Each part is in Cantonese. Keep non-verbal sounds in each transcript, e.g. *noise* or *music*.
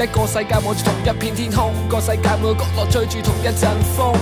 一個世界望住同一片天空，個世界每個角落吹住同一陣風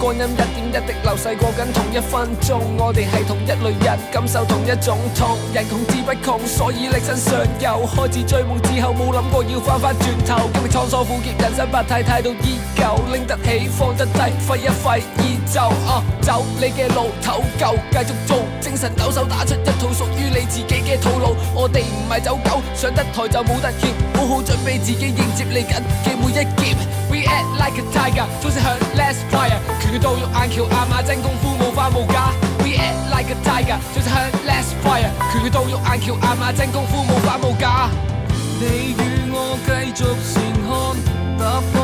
光陰一點一滴流逝過緊同一分鐘，我哋係同一類人，感受同一種痛。人窮志不窮，所以力爭上游。開始追夢之後冇諗過要翻翻轉頭，今日滄桑苦澀，人生百態態度依舊，拎得起放得低，揮一揮而、uh, 就哦。走你嘅路，頭夠，繼續做精神抖擻，打出一套屬於你自己嘅套路。我哋唔係走狗，上得台就冇得怯，好好準備自己。接嚟緊嘅每一劫 We act like a tiger，總係向 less fire，拳拳到肉，硬橋硬馬，真功夫無花無假。We act like a tiger，總係向 less fire，拳拳到肉，硬橋硬馬，真功夫無花無假。 *music* 你與我繼續前看。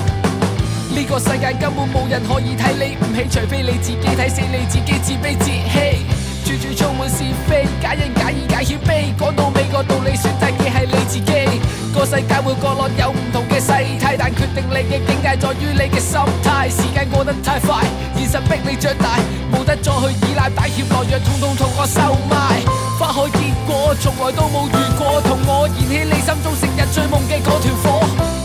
呢個世界根本冇人可以睇你唔起，除非你自己睇死，你自己自卑自欺，處處充滿是非，假人假意假謙卑，講到尾個道理選擇嘅係你自己。個世界每個角落有唔同嘅世態，但決定你嘅境界在於你嘅心態。時間過得太快，現實逼你長大，冇得再去依賴打尖落藥，通通同我收埋。花開結果從來都冇遇過，同我燃起你心中成日追夢嘅嗰團火。